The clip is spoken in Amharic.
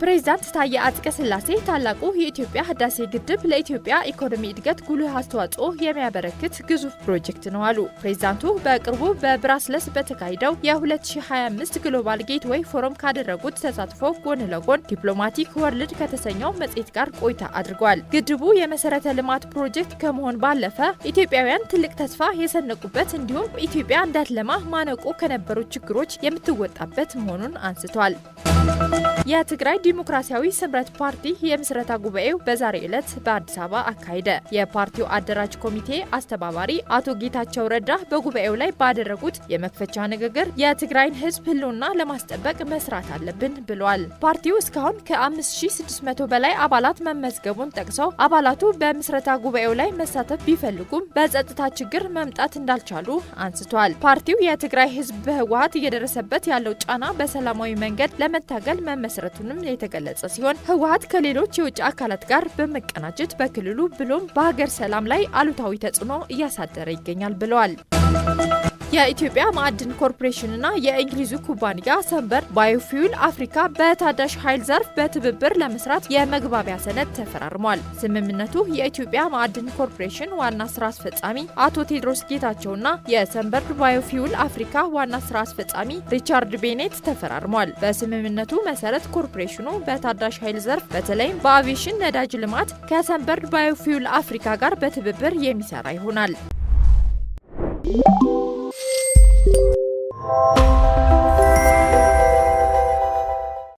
ፕሬዚዳንት ታየ አጽቀ ስላሴ ታላቁ የኢትዮጵያ ህዳሴ ግድብ ለኢትዮጵያ ኢኮኖሚ እድገት ጉልህ አስተዋጽኦ የሚያበረክት ግዙፍ ፕሮጀክት ነው አሉ። ፕሬዚዳንቱ በቅርቡ በብራስለስ በተካሄደው የ2025 ግሎባል ጌትዌይ ፎረም ካደረጉት ተሳትፎ ጎን ለጎን ዲፕሎማቲክ ወርልድ ከተሰኘው መጽሔት ጋር ቆይታ አድርጓል። ግድቡ የመሰረተ ልማት ፕሮጀክት ከመሆን ባለፈ ኢትዮጵያውያን ትልቅ ተስፋ የሰነቁበት እንዲሁም ኢትዮጵያ እንዳትለማ ማነቆ ከነበሩ ችግሮች የምትወጣበት መሆኑን አንስቷል። የትግራይ ዲሞክራሲያዊ ስምረት ፓርቲ የምስረታ ጉባኤው በዛሬ ዕለት በአዲስ አበባ አካሄደ። የፓርቲው አደራጅ ኮሚቴ አስተባባሪ አቶ ጌታቸው ረዳ በጉባኤው ላይ ባደረጉት የመክፈቻ ንግግር የትግራይን ሕዝብ ህልውና ለማስጠበቅ መስራት አለብን ብሏል። ፓርቲው እስካሁን ከ5600 በላይ አባላት መመዝገቡን ጠቅሰው አባላቱ በምስረታ ጉባኤው ላይ መሳተፍ ቢፈልጉም በጸጥታ ችግር መምጣት እንዳልቻሉ አንስቷል። ፓርቲው የትግራይ ሕዝብ በህወሀት እየደረሰበት ያለው ጫና በሰላማዊ መንገድ ለመታገል መመስረቱንም የተገለጸ ሲሆን ህወሀት ከሌሎች የውጭ አካላት ጋር በመቀናጀት በክልሉ ብሎም በሀገር ሰላም ላይ አሉታዊ ተጽዕኖ እያሳደረ ይገኛል ብለዋል። የኢትዮጵያ ማዕድን ኮርፖሬሽንና የእንግሊዙ ኩባንያ ሰንበር ባዮፊውል አፍሪካ በታዳሽ ኃይል ዘርፍ በትብብር ለመስራት የመግባቢያ ሰነድ ተፈራርሟል። ስምምነቱ የኢትዮጵያ ማዕድን ኮርፖሬሽን ዋና ስራ አስፈጻሚ አቶ ቴድሮስ ጌታቸውና የሰንበር ባዮፊውል አፍሪካ ዋና ስራ አስፈጻሚ ሪቻርድ ቤኔት ተፈራርሟል። በስምምነቱ መሰረት ኮርፖሬሽኑ በታዳሽ ኃይል ዘርፍ በተለይም በአቪሽን ነዳጅ ልማት ከሰንበርድ ባዮፊውል አፍሪካ ጋር በትብብር የሚሰራ ይሆናል።